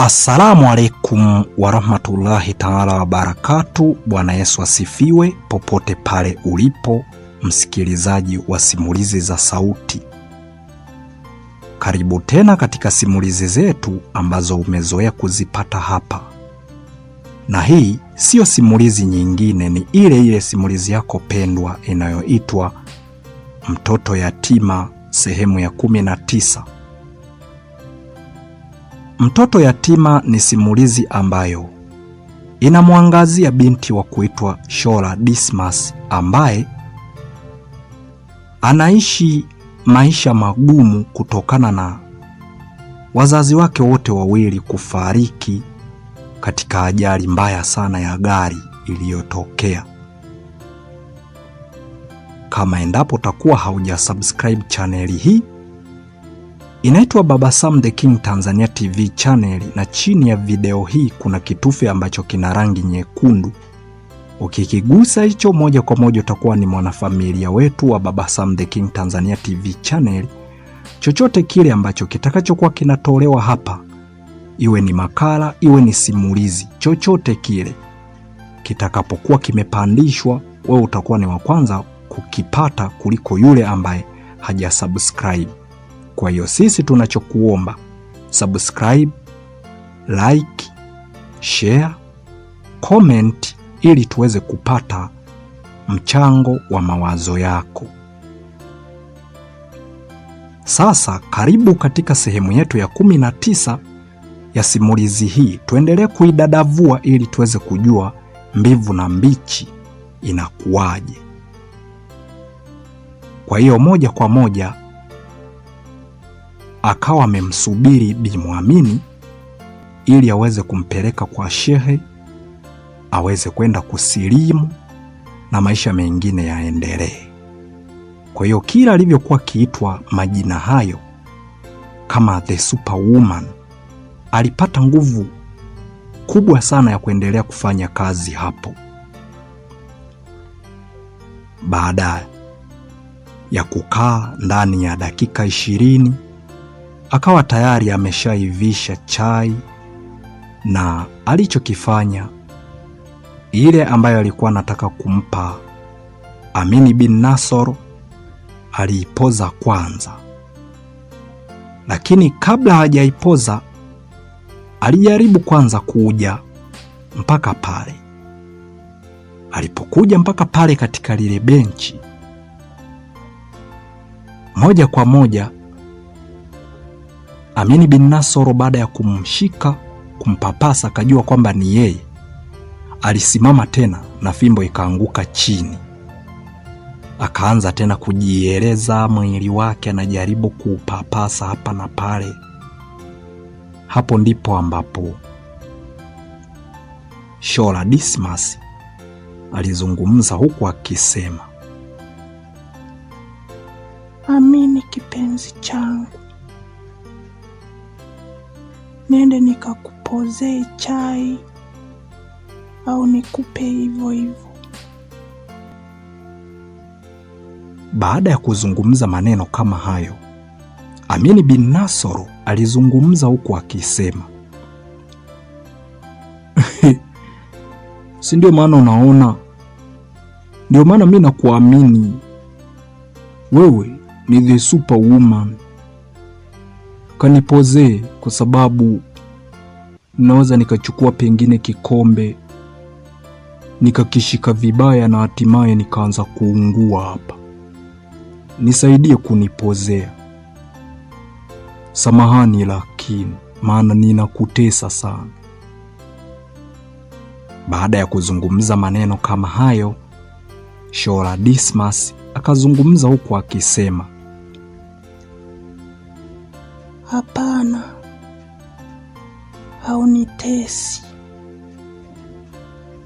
Assalamu alaikum warahmatullahi taala wabarakatu. Bwana Yesu asifiwe popote pale ulipo msikilizaji wa simulizi za sauti. Karibu tena katika simulizi zetu ambazo umezoea kuzipata hapa, na hii siyo simulizi nyingine, ni ile ile simulizi yako pendwa inayoitwa Mtoto Yatima sehemu ya kumi na tisa. Mtoto yatima ni simulizi ambayo inamwangazia binti wa kuitwa Shola Dismas ambaye anaishi maisha magumu kutokana na wazazi wake wote wawili kufariki katika ajali mbaya sana ya gari iliyotokea. Kama endapo utakuwa haujasubscribe chaneli hii Inaitwa Baba Sam The King Tanzania TV channel, na chini ya video hii kuna kitufe ambacho kina rangi nyekundu. Ukikigusa hicho moja kwa moja utakuwa ni mwanafamilia wetu wa Baba Sam The King Tanzania TV channel. Chochote kile ambacho kitakachokuwa kinatolewa hapa, iwe ni makala, iwe ni simulizi, chochote kile kitakapokuwa kimepandishwa, wewe utakuwa ni wa kwanza kukipata kuliko yule ambaye hajasubscribe. Kwa hiyo sisi tunachokuomba subscribe, like, share, comment ili tuweze kupata mchango wa mawazo yako. Sasa karibu katika sehemu yetu ya kumi na ya simulizi hii, tuendelee kuidadavua ili tuweze kujua mbivu na mbichi inakuwaje. Kwa hiyo moja kwa moja akawa amemsubiri Bi Mwamini ili aweze kumpeleka kwa shehe aweze kwenda kusilimu na maisha mengine yaendelee. Kwa hiyo kila alivyokuwa akiitwa majina hayo kama the superwoman, alipata nguvu kubwa sana ya kuendelea kufanya kazi hapo. Baada ya kukaa ndani ya dakika ishirini akawa tayari ameshaivisha chai, na alichokifanya ile ambayo alikuwa anataka kumpa Amini bin Nasor aliipoza kwanza, lakini kabla hajaipoza alijaribu kwanza kuja mpaka pale. Alipokuja mpaka pale katika lile benchi, moja kwa moja Amini bin Nasoro baada ya kumshika kumpapasa, akajua kwamba ni yeye, alisimama tena na fimbo ikaanguka chini. Akaanza tena kujieleza mwili wake, anajaribu kuupapasa hapa na pale. Hapo ndipo ambapo Shola Dismas alizungumza huku akisema, Amini kipenzi changu niende nikakupozee chai au nikupe hivyo hivyo. Baada ya kuzungumza maneno kama hayo, Amini bin Nasoro alizungumza huku akisema si ndio maana unaona, ndio maana mi nakuamini wewe ni the superwoman kanipozee kwa sababu naweza nikachukua pengine kikombe nikakishika vibaya na hatimaye nikaanza kuungua hapa. Nisaidie kunipozea, samahani, lakini maana ninakutesa sana. Baada ya kuzungumza maneno kama hayo, Shola Dismas akazungumza huku akisema mtetesi.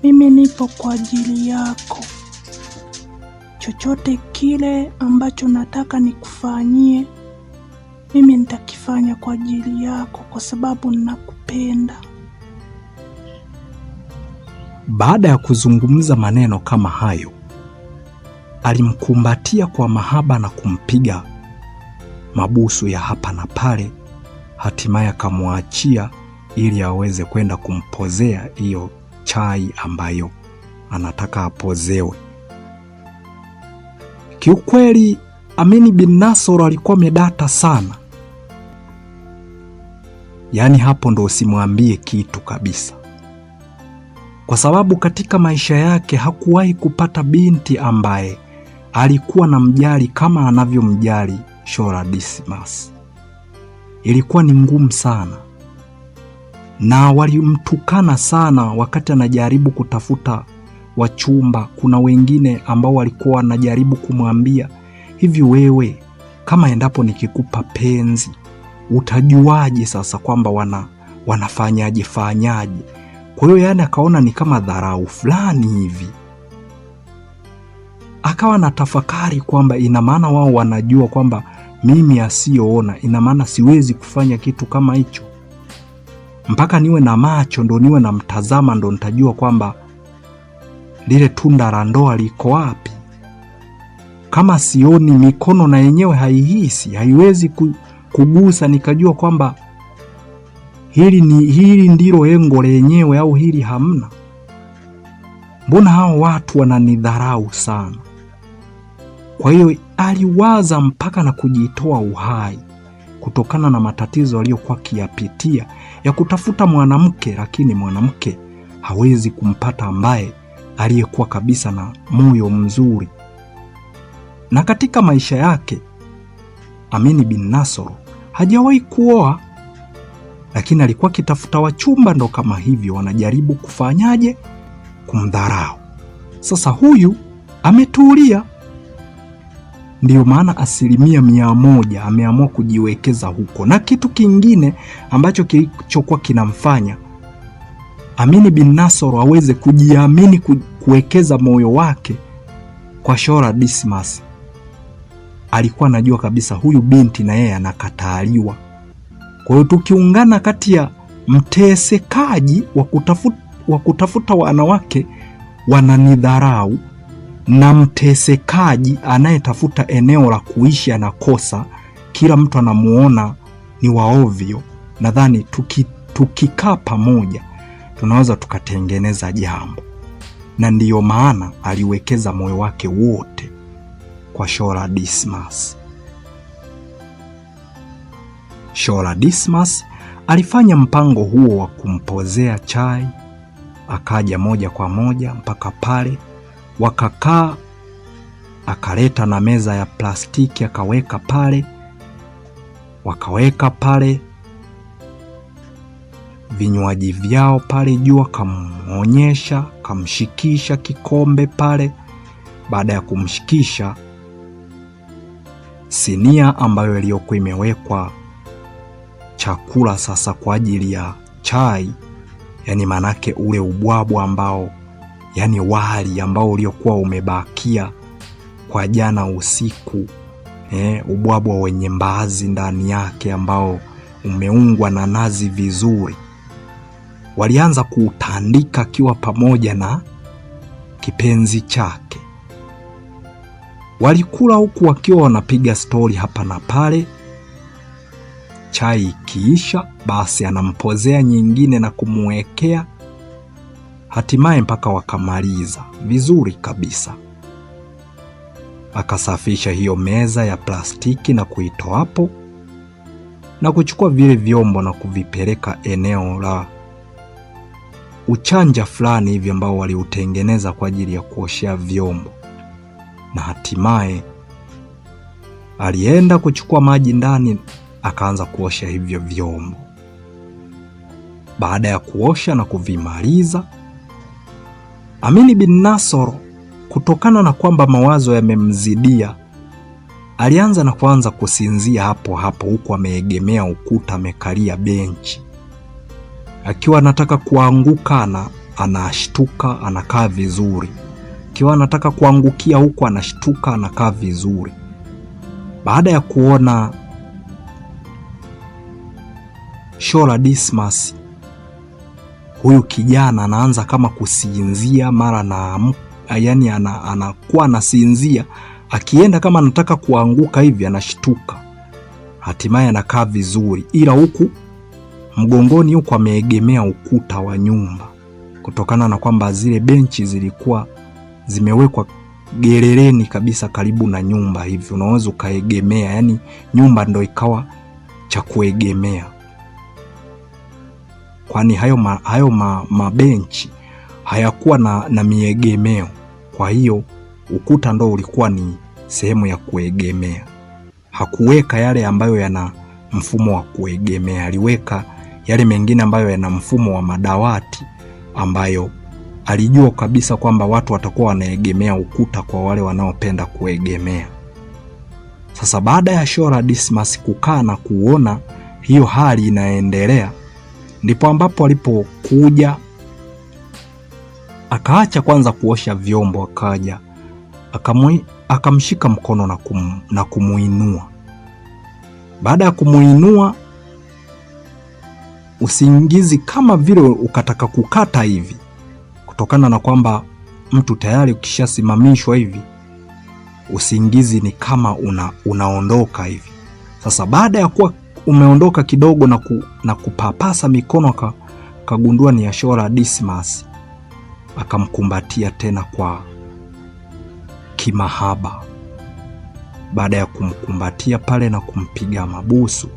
Mimi nipo kwa ajili yako. Chochote kile ambacho nataka nikufanyie, mimi nitakifanya kwa ajili yako kwa sababu ninakupenda. Baada ya kuzungumza maneno kama hayo, alimkumbatia kwa mahaba na kumpiga mabusu ya hapa na pale, hatimaye akamwachia ili aweze kwenda kumpozea hiyo chai ambayo anataka apozewe. Kiukweli Amini bin Nasoro alikuwa medata sana, yaani hapo ndo usimwambie kitu kabisa, kwa sababu katika maisha yake hakuwahi kupata binti ambaye alikuwa na mjali kama anavyomjali Shora Dismas. Ilikuwa ni ngumu sana na walimtukana sana wakati anajaribu kutafuta wachumba. Kuna wengine ambao walikuwa wanajaribu kumwambia hivi, wewe kama endapo nikikupa penzi utajuaje sasa kwamba wana wanafanyaje fanyaje? Kwa hiyo yani akaona ni kama dharau fulani hivi, akawa na tafakari kwamba ina maana wao wanajua kwamba mimi asiyoona, ina maana siwezi kufanya kitu kama hicho mpaka niwe na macho ndo niwe na mtazama ndo nitajua kwamba lile tunda la ndoa liko wapi. Kama sioni, mikono na yenyewe haihisi, haiwezi kugusa, nikajua kwamba hili ni hili ndilo engo lenyewe, au hili hamna. Mbona hao watu wananidharau sana? Kwa hiyo aliwaza mpaka na kujitoa uhai kutokana na matatizo aliyokuwa akiyapitia ya kutafuta mwanamke, lakini mwanamke hawezi kumpata ambaye aliyekuwa kabisa na moyo mzuri. Na katika maisha yake Amini bin Nasoro hajawahi kuoa, lakini alikuwa akitafuta wachumba ndo kama hivyo, wanajaribu kufanyaje? Kumdharau. Sasa huyu ametulia, Ndiyo maana asilimia mia moja ameamua kujiwekeza huko, na kitu kingine ambacho kilichokuwa kinamfanya Amini bin Nasoro aweze kujiamini kuwekeza moyo wake kwa Shora Dismas, alikuwa anajua kabisa huyu binti na yeye anakataliwa. Kwa hiyo tukiungana kati ya mtesekaji wa kutafuta wanawake wananidharau na mtesekaji anayetafuta eneo la kuishi anakosa, kila mtu anamuona ni waovyo. Nadhani tuki, tukikaa pamoja tunaweza tukatengeneza jambo, na ndiyo maana aliwekeza moyo wake wote kwa Shola Dismas. Shola Dismas alifanya mpango huo wa kumpozea chai, akaja moja kwa moja mpaka pale Wakakaa, akaleta na meza ya plastiki akaweka pale, wakaweka pale vinywaji vyao pale juu, akamwonyesha, akamshikisha kikombe pale. Baada ya kumshikisha sinia ambayo iliyokuwa imewekwa chakula sasa kwa ajili ya chai, yani maanake ule ubwabwa ambao yaani wali ambao uliokuwa umebakia kwa jana usiku eh, ubwabwa wenye mbaazi ndani yake ambao umeungwa na nazi vizuri. Walianza kuutandika akiwa pamoja na kipenzi chake. Walikula huku wakiwa wanapiga stori hapa na pale. Chai ikiisha, basi anampozea nyingine na kumwekea hatimaye mpaka wakamaliza vizuri kabisa. Akasafisha hiyo meza ya plastiki na kuitoa hapo na kuchukua vile vyombo na kuvipeleka eneo la uchanja fulani hivi ambao waliutengeneza kwa ajili ya kuoshea vyombo, na hatimaye alienda kuchukua maji ndani akaanza kuosha hivyo vyombo. Baada ya kuosha na kuvimaliza Amini bin Nasr, kutokana na kwamba mawazo yamemzidia, alianza na kuanza kusinzia hapo hapo, huku ameegemea ukuta, amekalia benchi, akiwa anataka kuanguka na anashtuka, anakaa vizuri, akiwa anataka kuangukia huku anashtuka, anakaa vizuri. Baada ya kuona Shola Dismas huyu kijana anaanza kama kusinzia mara na yani, anakuwa ana, anasinzia akienda kama anataka kuanguka hivi anashtuka, hatimaye anakaa vizuri, ila huku mgongoni huku ameegemea ukuta wa nyumba, kutokana na kwamba zile benchi zilikuwa zimewekwa gerereni kabisa karibu na nyumba hivi, unaweza ukaegemea, yani nyumba ndo ikawa cha kuegemea kwani hayo, ma, hayo ma, mabenchi hayakuwa na, na miegemeo. Kwa hiyo ukuta ndo ulikuwa ni sehemu ya kuegemea, hakuweka yale ambayo yana mfumo wa kuegemea, aliweka yale mengine ambayo yana mfumo wa madawati ambayo alijua kabisa kwamba watu watakuwa wanaegemea ukuta kwa wale wanaopenda kuegemea. Sasa baada ya Shora Dismas kukaa na kuona hiyo hali inaendelea, ndipo ambapo alipokuja akaacha kwanza kuosha vyombo, akaja akamshika mkono na, kum, na kumuinua. Baada ya kumuinua usingizi kama vile ukataka kukata hivi, kutokana na kwamba mtu tayari ukishasimamishwa hivi usingizi ni kama una, unaondoka hivi. Sasa baada ya kuwa umeondoka kidogo na, ku, na kupapasa mikono ka, kagundua ni Ashora Dismas, akamkumbatia tena kwa kimahaba. Baada ya kumkumbatia pale na kumpiga mabusu,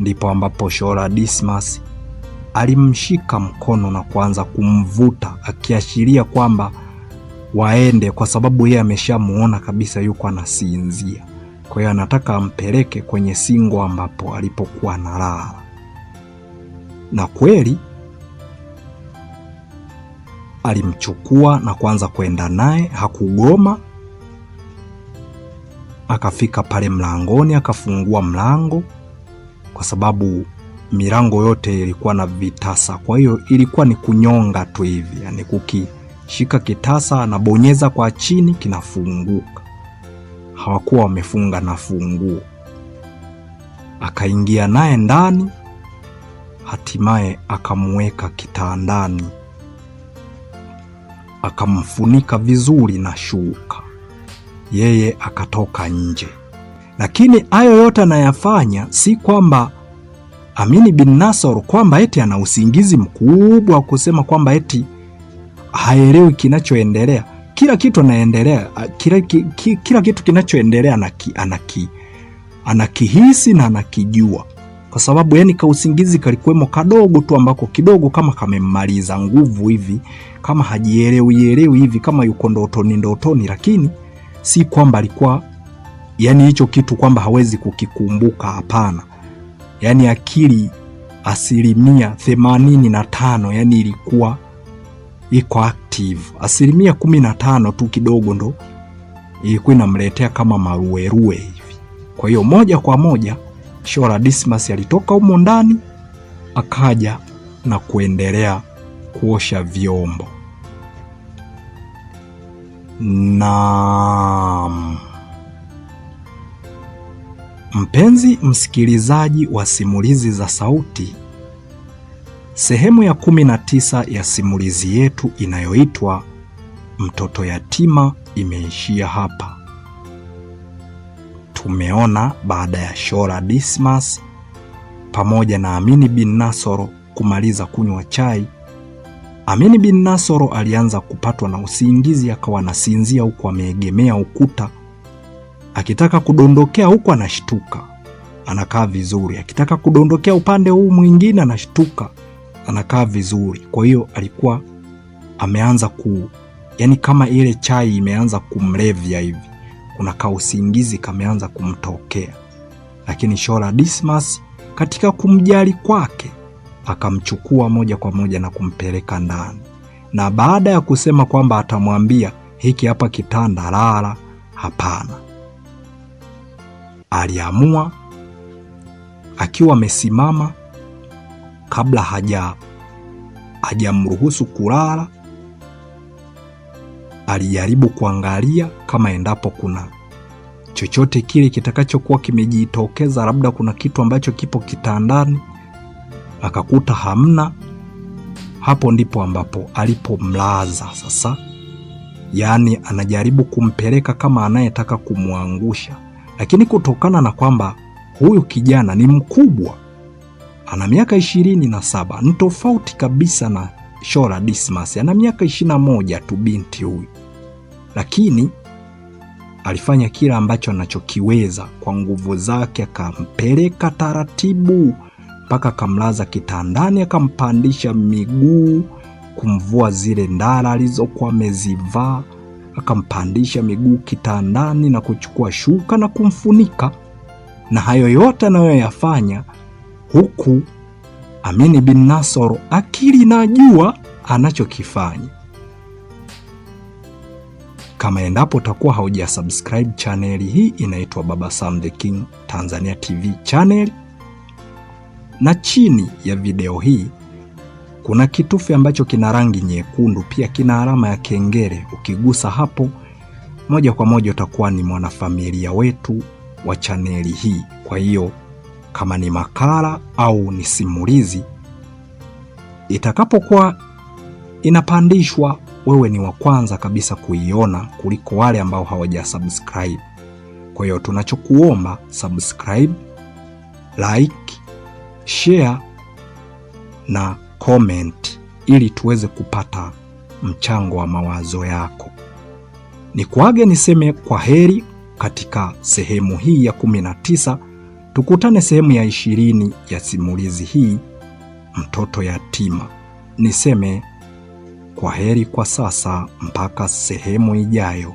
ndipo ambapo shola Dismas alimshika mkono na kuanza kumvuta akiashiria kwamba waende, kwa sababu yeye ameshamuona kabisa yuko anasinzia. Kwa hiyo anataka ampeleke kwenye singo ambapo alipokuwa analala, na kweli alimchukua na kuanza kwenda naye, hakugoma. Akafika pale mlangoni, akafungua mlango, kwa sababu milango yote ilikuwa na vitasa. Kwa hiyo ilikuwa ni kunyonga tu hivi, yani kukishika kitasa anabonyeza kwa chini, kinafunguka hawakuwa wamefunga na funguo. Akaingia naye ndani, hatimaye akamweka kitandani, akamfunika vizuri na shuka, yeye akatoka nje. Lakini hayo yote anayafanya si kwamba Amini bin Nasor kwamba eti ana usingizi mkubwa wa kusema kwamba eti haelewi kinachoendelea kila kitu anaendelea, kila, kila, kila kitu kinachoendelea anaki, anaki, anakihisi na anakijua kwa sababu yani kausingizi kalikuwemo kadogo tu ambako kidogo kama kamemmaliza nguvu hivi, kama hajielewi elewi hivi, kama yuko ndotoni ndotoni, lakini si kwamba alikuwa yani hicho kitu kwamba hawezi kukikumbuka. Hapana, yani akili asilimia themanini na tano yani ilikuwa iko active. Asilimia kumi na tano tu kidogo ndo ilikuwa inamletea kama maruerue hivi. Kwa hiyo moja kwa moja Shora Dismas alitoka humo ndani akaja na kuendelea kuosha vyombo na mpenzi msikilizaji wa simulizi za sauti, Sehemu ya 19 ya simulizi yetu inayoitwa Mtoto Yatima imeishia hapa. Tumeona baada ya Shora Dismas pamoja na Amini bin Nasoro kumaliza kunywa chai, Amini bin Nasoro alianza kupatwa na usingizi, akawa anasinzia huku ameegemea ukuta, akitaka kudondokea huku anashtuka, anakaa vizuri, akitaka kudondokea upande huu mwingine anashtuka anakaa vizuri. Kwa hiyo alikuwa ameanza ku, yani kama ile chai imeanza kumlevya hivi, kuna kausingizi kameanza kumtokea. Lakini Shola Dismas katika kumjali kwake akamchukua moja kwa moja na kumpeleka ndani, na baada ya kusema kwamba atamwambia hiki hapa kitanda lala, hapana, aliamua akiwa amesimama kabla haja hajamruhusu kulala, alijaribu kuangalia kama endapo kuna chochote kile kitakachokuwa kimejitokeza, labda kuna kitu ambacho kipo kitandani, akakuta hamna. Hapo ndipo ambapo alipomlaza sasa, yaani anajaribu kumpeleka kama anayetaka kumwangusha, lakini kutokana na kwamba huyu kijana ni mkubwa ana miaka ishirini na saba ni tofauti kabisa na Shora Dismas, ana miaka ishirini na moja tu binti huyu, lakini alifanya kila ambacho anachokiweza kwa nguvu zake, akampeleka taratibu mpaka akamlaza kitandani, akampandisha miguu, kumvua zile ndara alizokuwa amezivaa, akampandisha miguu kitandani na kuchukua shuka na kumfunika. Na hayo yote anayoyafanya huku Amin bin Nasr akili na jua anachokifanya. Kama endapo utakuwa hauja subscribe channel hii inaitwa Baba Sam the King Tanzania TV channel, na chini ya video hii kuna kitufe ambacho kina rangi nyekundu, pia kina alama ya kengele. Ukigusa hapo moja kwa moja utakuwa ni mwanafamilia wetu wa chaneli hii, kwa hiyo kama ni makala au ni simulizi, itakapokuwa inapandishwa, wewe ni wa kwanza kabisa kuiona kuliko wale ambao hawaja subscribe. Kwa hiyo tunachokuomba subscribe, like, share na comment ili tuweze kupata mchango wa mawazo yako. ni kuage niseme kwa heri katika sehemu hii ya 19 Tukutane sehemu ya ishirini ya simulizi hii Mtoto Yatima. Niseme kwa heri kwa sasa mpaka sehemu ijayo.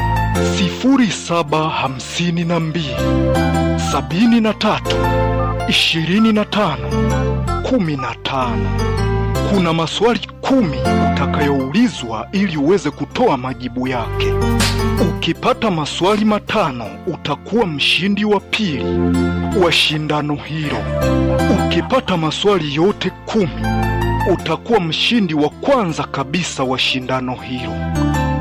tano kumi na tano. Kuna maswali kumi utakayoulizwa ili uweze kutoa majibu yake. Ukipata maswali matano utakuwa mshindi wa pili wa shindano hilo. Ukipata maswali yote kumi utakuwa mshindi wa kwanza kabisa wa shindano hilo